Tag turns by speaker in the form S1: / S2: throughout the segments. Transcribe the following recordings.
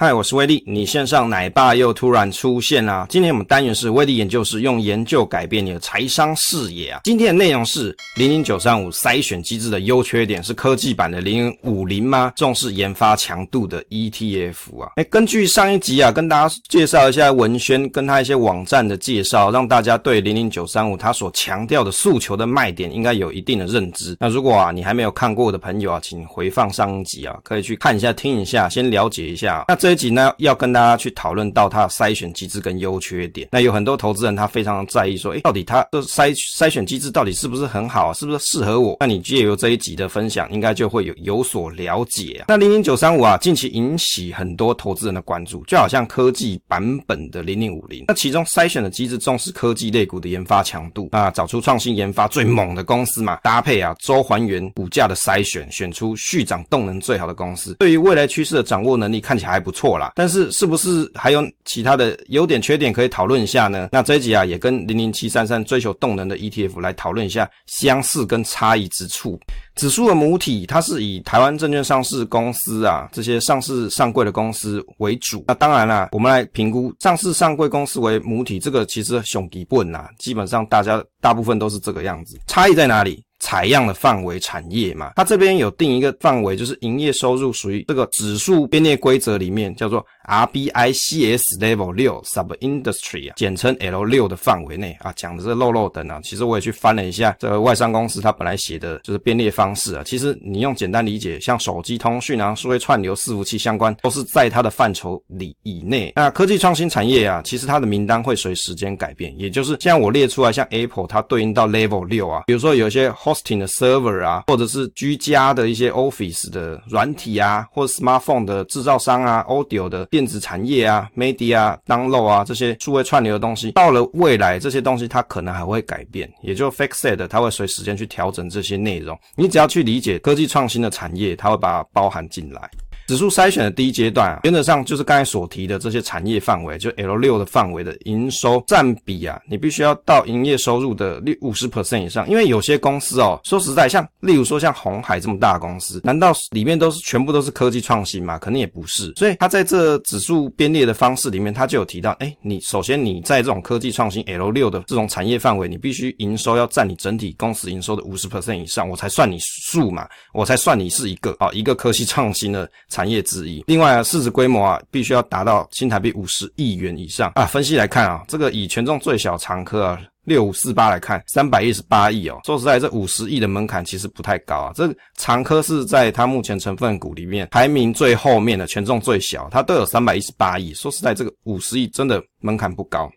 S1: 嗨，Hi, 我是威利，你線上奶爸又突然出現啦、啊！今天我們單元是威利研究室，用研究改變你的財商視野啊。今天的內容是零零九三五篩選機制的優缺點，是科技版的零五零嗎？重視研發強度的 ETF 啊。哎、欸，根據上一集啊，跟大家介紹一下文宣跟他一些網站的介紹，讓大家對零零九三五他所強調的訴求的賣點應該有一定的認知。那如果啊你還沒有看過我的朋友啊，請回放上一集啊，可以去看一下、聽一下，先了解一下、啊。那這。這一集呢，要跟大家去討論到它的篩選機制跟優缺點。那有很多投資人他非常在意，說，哎、欸，到底它的篩篩選機制到底是不是很好、啊，是不是適合我？那你借由這一集的分享，應該就會有有所了解、啊。那零零九三五啊，近期引起很多投資人的關注，就好像科技版本的零零五零。那其中篩選的機制重視科技類股的研發強度啊，找出創新研發最猛的公司嘛，搭配啊周還原股價的篩選，選出續漲動能最好的公司，對於未來趨勢的掌握能力看起來還不錯。錯啦，但是是不是還有其他的優點、缺點可以討論一下呢？那這一集啊，也跟零零七三三追求動能的 ETF 來討論一下相似跟差異之處。指數的母體，它是以台灣證券上市公司啊，這些上市上櫃的公司為主。那當然啦，啊，我們來評估上市上櫃公司為母體，這個其實兄弟不啊，基本上大家大部分都是這個樣子。差異在哪裡？採樣的範圍，產業嘛，它這邊有定一個範圍，就是營業收入屬於這個指數編列規則裡面叫做。RBICS Level 六 sub industry 啊，簡稱 L 六的範圍內啊，講的是漏漏等啊。其實我也去翻了一下，這個外商公司他本來寫的就是編列方式啊。其實你用簡單理解，像手機通訊啊、數位串流伺服器相關，都是在它的範疇裡以內。那科技創新產業啊，其實它的名單會隨時間改變，也就是像我列出來，像 Apple 它對應到 Level 六啊，比如說有一些 hosting 的 server 啊，或者是居家的一些 office 的軟體啊，或 smartphone 的製造商啊，audio 的。電子產業啊，media 啊，download 啊，這些數位串流的東西，到了未來這些東西它可能還會改變，也就 FactSet 它會隨時間去調整這些內容。你只要去理解科技創新的產業，它會把它包含進來。指數篩選的第一階段啊，原則上就是剛才所提的這些產業範圍，就 L 六的範圍的營收占比啊，你必須要到營業收入的六五十 percent 以上。因為有些公司哦、喔，說實在，像例如說像鴻海這麼大的公司，難道裡面都是全部都是科技創新嗎？肯定也不是。所以他在這指數編列的方式裡面，他就有提到，哎，你首先你在這種科技創新 L 六的這種產業範圍，你必須營收要占你整體公司營收的五十 percent 以上，我才算你數嘛，我才算你是一個啊、喔，一個科技創新的。產業之一，另外啊，市值規模啊，必須要達到新台幣五十億元以上啊。分析來看啊，這個以權重最小長科啊六五四八來看，三百一十八億哦。說實在，這五十億的門檻其實不太高啊。這長科是在它目前成分股裡面排名最後面的，權重最小，它都有三百一十八億。說實在，這個五十億真的門檻不高。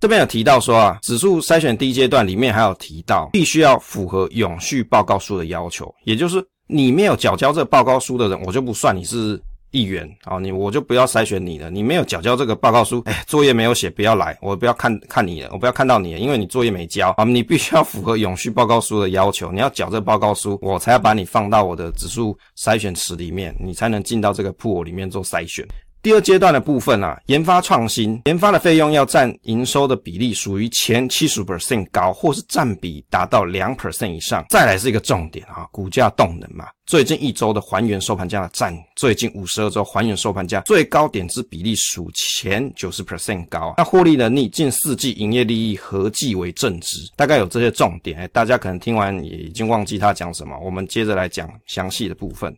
S1: 這邊有提到說啊，指數篩選第一階段裡面還有提到，必須要符合永續報告書的要求，也就是。你沒有繳交這報告書的人，我就不算你是議員啊！你我就不要篩選你了。你沒有繳交這個報告書，哎、欸，作業沒有寫，不要來，我不要看看你了，我不要看到你了，因為你作業沒交啊！你必須要符合永續報告書的要求，你要繳這報告書，我才要把你放到我的指數篩選池裡面，你才能進到這個 pool 裡面做篩選。第二階段的部分啊，研發創新，研發的費用要占營收的比例屬於前七十 percent 高，或是占比達到兩 percent 以上。再來是一個重點啊，股價動能嘛，最近一周的還原收盤價的占最近五十二周還原收盤價最高點之比例屬前九十 percent 高啊。那獲利能力，近四季營業利益合計為正值，大概有這些重點欸，大家可能聽完也已經忘記他講什麼，我們接着來講詳細的部分。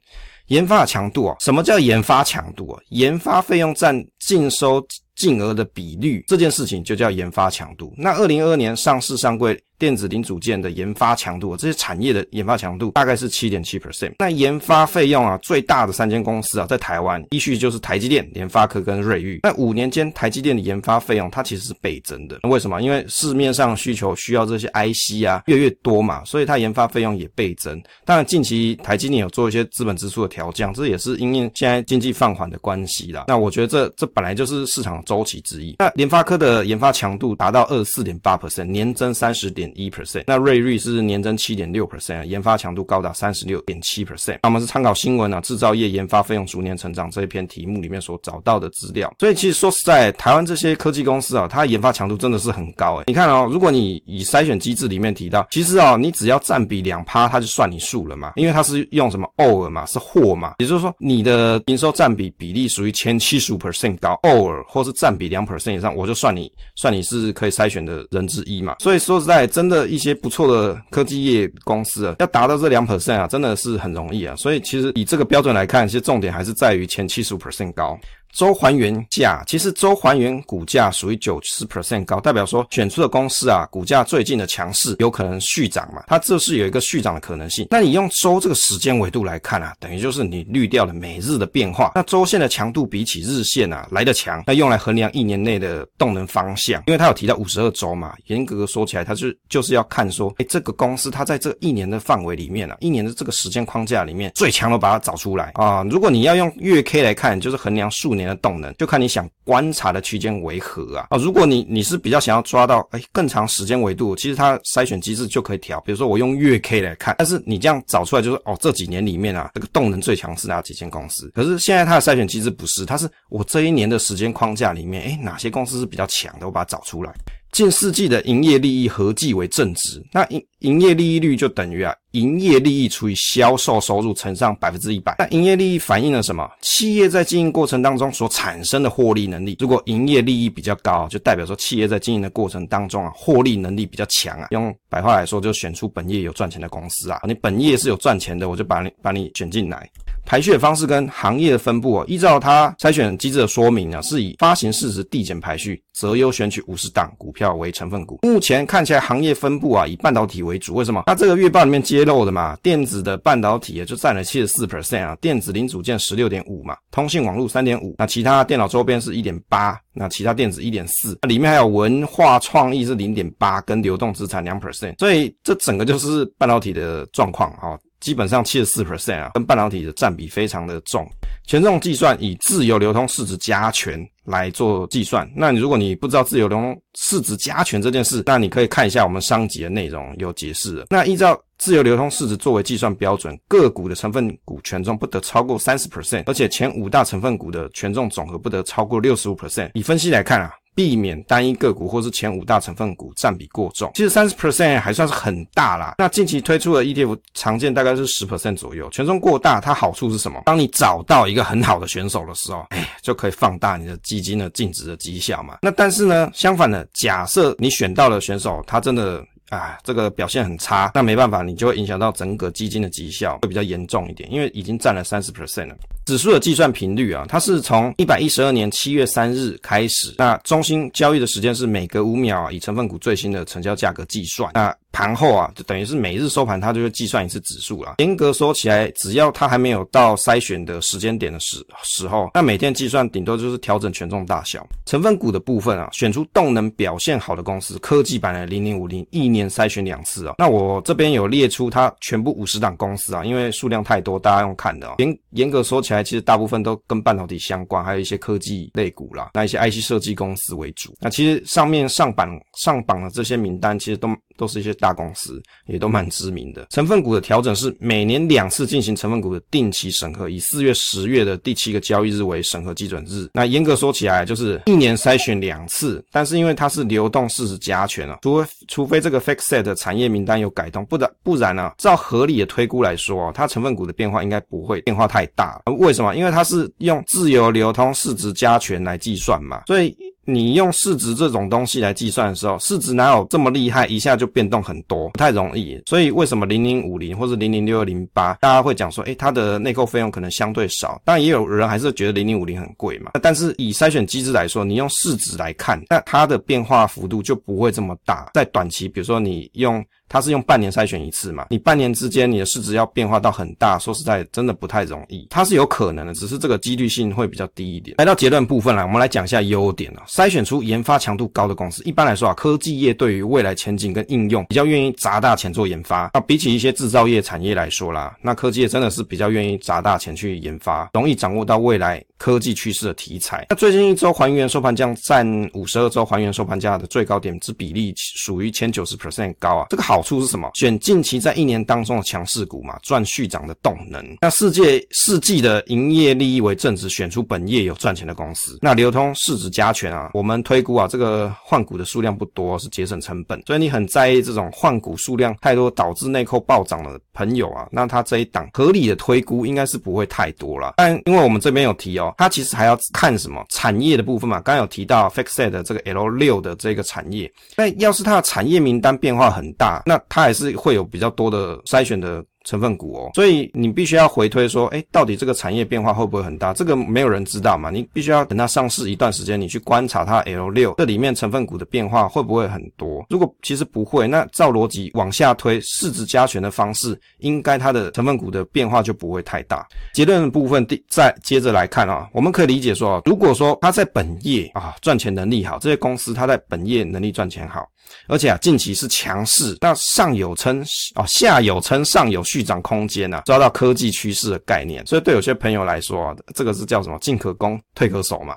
S1: 研發強度啊，什麼叫研發強度啊？研發費用占淨收淨額的比率，這件事情就叫研發強度。那二零二二年上市上櫃。電子零組件的研發強度，這些產業的研發強度大概是七點七 percent。那研發費用啊，最大的三間公司啊，在台灣依序就是台積電、聯發科跟瑞昱。那五年間，台積電的研發費用它其實是倍增的。那為什麼？因為市面上需求需要這些 IC 啊，越來越多嘛，所以它研發費用也倍增。當然，近期台積電有做一些資本支出的調降，這也是因為現在經濟放緩的關係啦。那我覺得這這本來就是市場週期之一。那聯發科的研發強度達到二十四點八 percent，年增三十點。一 percent，那瑞昱是年增七點六 percent，研發強度高達三十六點七 percent。那我們是參考新聞啊，制造業研發費用逐年成長這一篇題目裡面所找到的資料。所以其實說實在，台灣這些科技公司啊，它研發強度真的是很高誒、欸。你看哦、喔，如果你以篩選機制裡面提到，其實哦、喔，你只要佔比兩趴，它就算你數了嘛，因為它是用什麼 over 嘛，是貨嘛，也就是說你的營收佔比比例屬於前七十五 percent 高 over 或是佔比兩 percent 以上，我就算你算你是可以篩選的人之一嘛。所以說實在。真的一些不錯的科技業公司啊，要達到這兩 percent 啊，真的是很容易啊。所以其實以這個標準來看，其實重點還是在於前七十 percent 高。周還原價，其實周還原股價屬於九十 percent 高，代表說選出的公司啊，股價最近的強勢有可能續漲嘛，它這是有一個續漲的可能性。那你用周這個時間維度來看啊，等於就是你濾掉了每日的變化，那周線的強度比起日線啊來得強，那用來衡量一年內的動能方向，因為它有提到五十二周嘛，嚴格說起來他就，它是就是要看說，哎、欸，這個公司它在這一年的範圍裡面啊，一年的這個時間框架裡面最強的把它找出來啊、呃。如果你要用月 K 來看，就是衡量數。年的動能，就看你想觀察的區間為何啊啊、哦！如果你你是比較想要抓到哎、欸、更長時間維度，其實它篩選機制就可以調。比如說我用月 K 來看，但是你這樣找出來就是哦這幾年裡面啊這個動能最強是哪幾間公司。可是現在它的篩選機制不是，它是我這一年的時間框架裡面哎、欸、哪些公司是比較強的，我把它找出來。近四季的營業利益合計為正值，那營營業利益率就等於啊。營業利益除以銷售收入乘上百分之一百，那營業利益反映了什麼？企業在經營過程當中所產生的獲利能力。如果營業利益比較高，就代表說企業在經營的過程當中啊，獲利能力比較強啊。用白話來說，就選出本業有賺錢的公司啊。你本業是有賺錢的，我就把你把你選進來。排序的方式跟行業的分布啊，依照它篩選機制的說明啊，是以發行市值遞減排序，擇優選取五十檔股票為成分股。目前看起來行業分布啊，以半導體為主。為什麼？它這個月報裡面接。漏的嘛，電子的半導體也就占了七十四 percent 啊，電子零組件十六點五嘛，通信網絡三點五，那其他電腦周邊是一點八，那其他電子一點四，那裡面還有文化創意是零點八，跟流動資產兩 percent，所以這整個就是半導體的狀況啊，基本上七十四 percent 啊，跟半導體的占比非常的重。權重計算以自由流通市值加權。來做計算。那你如果你不知道自由流通市值加權這件事，那你可以看一下我們上集的內容有解釋。那依照自由流通市值作為計算標準，個股的成分股權重不得超過三十 percent，而且前五大成分股的權重總和不得超過六十五 percent。以分析來看啊。避免單一個股或是前五大成分股占比過重，其實三十 percent 還算是很大啦。那近期推出的 ETF 常見大概是十 percent 左右，權重過大，它好處是什麼？當你找到一個很好的選手的時候，哎，就可以放大你的基金的淨值的績效嘛。那但是呢，相反的，假設你選到的選手，他真的啊這個表現很差，那沒辦法，你就會影響到整個基金的績效會比較嚴重一點，因為已經占了三十 percent 了。指數的計算頻率啊，它是從一百一十二年七月三日開始。那中心交易的時間是每隔五秒，啊，以成分股最新的成交價格計算。那盤後啊，就等於是每日收盤，它就會計算一次指數了。嚴格說起來，只要它還沒有到篩選的時間點的時時候，那每天計算頂多就是調整權重大小、成分股的部分啊，選出動能表現好的公司。科技版的零零五零一年篩選兩次啊、喔。那我這邊有列出它全部五十檔公司啊，因為數量太多，大家用看的、喔。嚴嚴格說起來，其實大部分都跟半導體相關，還有一些科技類股啦，那一些 IC 設計公司為主。那其實上面上榜上榜的這些名單，其實都都是一些。大公司也都蠻知名的。成分股的調整是每年兩次進行成分股的定期審核，以四月、十月的第七個交易日為審核基準日。那嚴格說起來，就是一年篩選兩次。但是因為它是流動市值加權了、哦，除非除非這個 FactSet 的產業名單有改動，不然不然呢、啊，照合理的推估來說、哦，它成分股的變化應該不會變化太大。為什麼？因為它是用自由流通市值加權來計算嘛，所以。你用市值這種東西來計算的時候，市值哪有這麼厲害，一下就變動很多，不太容易。所以為什麼零零五零或者零零六二零八，大家會講說，誒、欸，它的內扣費用可能相對少，但也有人還是覺得零零五零很貴嘛。但是以篩選機制來說，你用市值來看，那它的變化幅度就不會這麼大。在短期，比如說你用。它是用半年篩選一次嘛？你半年之間，你的市值要變化到很大，說實在，真的不太容易。它是有可能的，只是這個幾率性會比較低一點。來到結論部分啦，我們來講一下優點啊、喔。篩選出研發強度高的公司，一般來說啊，科技業對於未來前景跟應用比較願意砸大錢做研發、啊。那比起一些制造業產業來說啦，那科技業真的是比較願意砸大錢去研發，容易掌握到未來。科技趨勢的題材，那最近一周還原收盤價占五十二周還原收盤價的最高點之比例，屬於前九十 percent 高啊！這個好處是什麼？選近期在一年當中的強勢股嘛，賺續漲的動能。那四季四季的營業利益為正值，選出本業有賺錢的公司。那流通市值加權啊，我們推估啊，這個換股的數量不多，是節省成本。所以你很在意這種換股數量太多導致內扣暴漲的朋友啊，那他這一檔合理的推估應該是不會太多了。但因為我們這邊有提哦。它其實還要看什麼產業的部分嘛？剛剛有提到 FactSet 的這個 L 六的這個產業，那要是它的產業名單變化很大，那它還是會有比較多的篩選的。成分股哦、喔，所以你必須要回推說，哎，到底這個產業變化會不會很大？這個沒有人知道嘛，你必須要等它上市一段時間，你去觀察它 L 六這裡面成分股的變化會不會很多？如果其實不會，那照邏輯往下推，市值加權的方式，應該它的成分股的變化就不會太大。結論部分第再接着來看啊、喔，我們可以理解說，如果說它在本業啊賺錢能力好，這些公司它在本業能力賺錢好。而且啊，近期是強勢，那上有撐啊、哦，下有撐，上有續漲空間吶、啊，抓到科技趨勢的概念，所以對有些朋友來說啊，這個是叫什麼？進可攻，退可守嘛。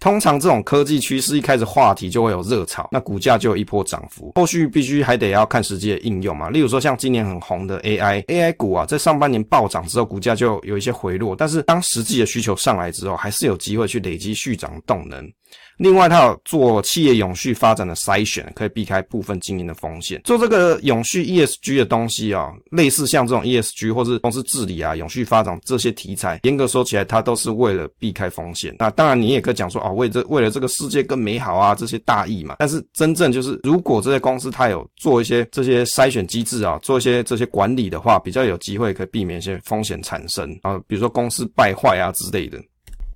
S1: 通常這種科技趨勢一開始話題就會有熱炒，那股價就有一波漲幅，後續必須還得要看實際的應用嘛。例如說像今年很紅的 AI，AI AI 股啊，在上半年暴漲之後，股價就有一些回落，但是當實際的需求上來之後，還是有機會去累積續漲動能。另外，它有做企業永續發展的篩選，可以避開部分經營的風險。做這個永續 ESG 的東西啊、喔，類似像這種 ESG 或是公司治理啊、永續發展這些題材，嚴格說起來，它都是為了避開風險。那當然，你也可以講說啊、喔，為這為了這個世界更美好啊，這些大義嘛。但是，真正就是如果這些公司它有做一些這些篩選機制啊、喔，做一些這些管理的話，比較有機會可以避免一些風險產生啊，比如說公司敗壞啊之類的。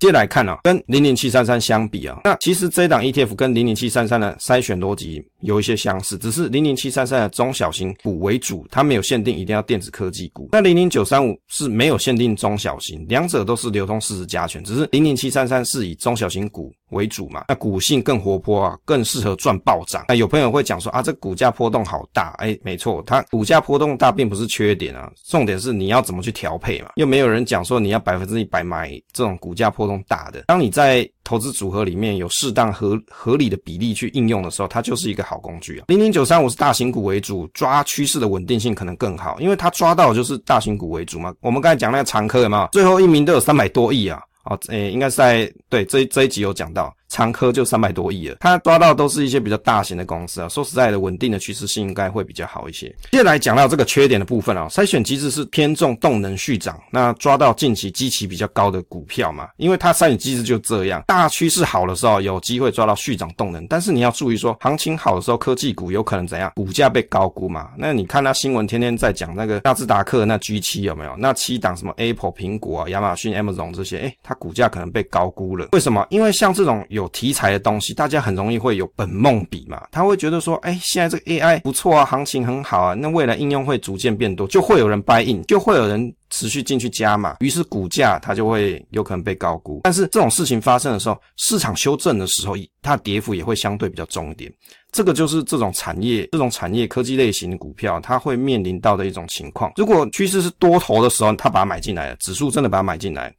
S1: 接下來看啊、喔，跟零零七三三相比啊、喔，那其實這一檔 ETF 跟零零七三三的篩選邏輯有一些相似，只是零零七三三的中小型股為主，它沒有限定一定要電子科技股。那零零九三五是沒有限定中小型，兩者都是流通市值加權，只是零零七三三是以中小型股為主嘛，那股性更活潑啊，更適合賺暴漲。那有朋友會講說啊，這股價波動好大，哎、欸，沒錯，它股價波動大並不是缺點啊，重點是你要怎麼去調配嘛，又沒有人講說你要百分之一百買這種股價波動。大的，當你在投資組合裡面有適當合合理的比例去應用的時候，它就是一個好工具啊。零零九三五是大型股為主，抓趨勢的穩定性可能更好，因為它抓到的就是大型股為主嘛。我們剛才講那個長科有沒有？最後一名都有三百多億啊，哦，誒、欸，應該是在，對，這一這一集有講到。常科，就三百多億了，它抓到都是一些比較大型的公司啊。說實在的，穩定的趨勢性應該會比較好一些。接下來講到這個缺點的部分啊、喔，篩選機制是偏重動能續漲，那抓到近期基期比較高的股票嘛，因為它篩選機制就這樣。大趨勢好的時候，有機會抓到續漲動能，但是你要注意說，行情好的時候，科技股有可能怎樣，股價被高估嘛？那你看那新聞天天在講那個納斯達克的那 G 七有沒有？那七檔什麼 Apple 蘋果啊、亞馬遜 Amazon 這些，哎、欸，它股價可能被高估了。為什麼？因為像這種有題材的東西，大家很容易會有本夢比嘛，他會覺得說，哎、欸，現在這個 AI 不錯啊，行情很好啊，那未來應用會逐漸變多，就會有人 buy in，就會有人持續進去加碼，於是股價它就會有可能被高估。但是這種事情發生的時候，市場修正的時候，它跌幅也會相對比較重一點。這個就是這種產業、這種產業科技類型的股票，它會面臨到的一種情況。如果趨勢是多頭的時候，他把它買進來了，指數真的把它買進來了。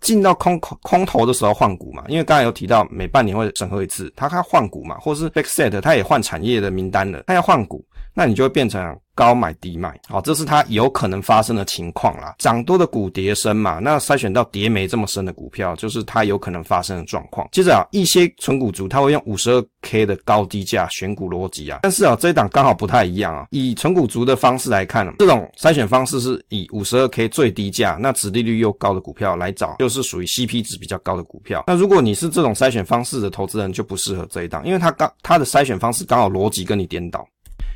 S1: 進到空空空頭的時候換股嘛，因為剛才有提到每半年會審核一次，他看換股嘛，或是 FactSet 他也換產業的名單了，他要換股，那你就會變成。高買低賣，好，這是它有可能發生的情況啦。漲多的股跌深嘛，那篩選到跌沒這麼深的股票，就是它有可能發生的狀況。接着啊，一些存股族他會用五十二 K 的高低價選股邏輯啊，但是啊，這一檔剛好不太一樣啊。以存股族的方式來看，這種篩選方式是以五十二 K 最低價，那殖利率又高的股票來找，就是屬於 CP 值比較高的股票。那如果你是這種篩選方式的投資人，就不適合這一檔，因為他剛他的篩選方式剛好邏輯跟你顛倒。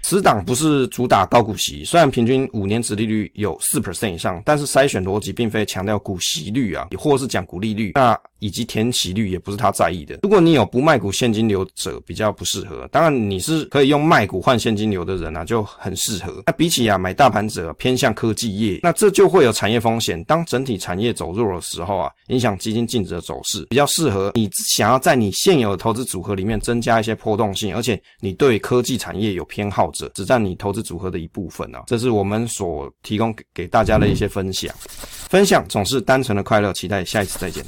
S1: 此檔不是主打高股息，雖然平均五年殖利率有四 percent 以上，但是篩選邏輯並非強調股息率啊，也或是講股利率，那以及填息率也不是他在意的。如果你有不賣股現金流者比較不適合，當然你是可以用賣股換現金流的人啊，就很適合。那比起啊買大盤者啊，偏向科技業，那這就會有產業風險。當整體產業走弱的時候啊，影響基金淨值的走勢，比較適合你想要在你現有的投資組合裡面增加一些波動性，而且你對科技產業有偏好。只佔你投資組合的一部分啊，這是我們所提供給大家的一些分享。嗯、分享總是單純的快樂，期待下一次再見。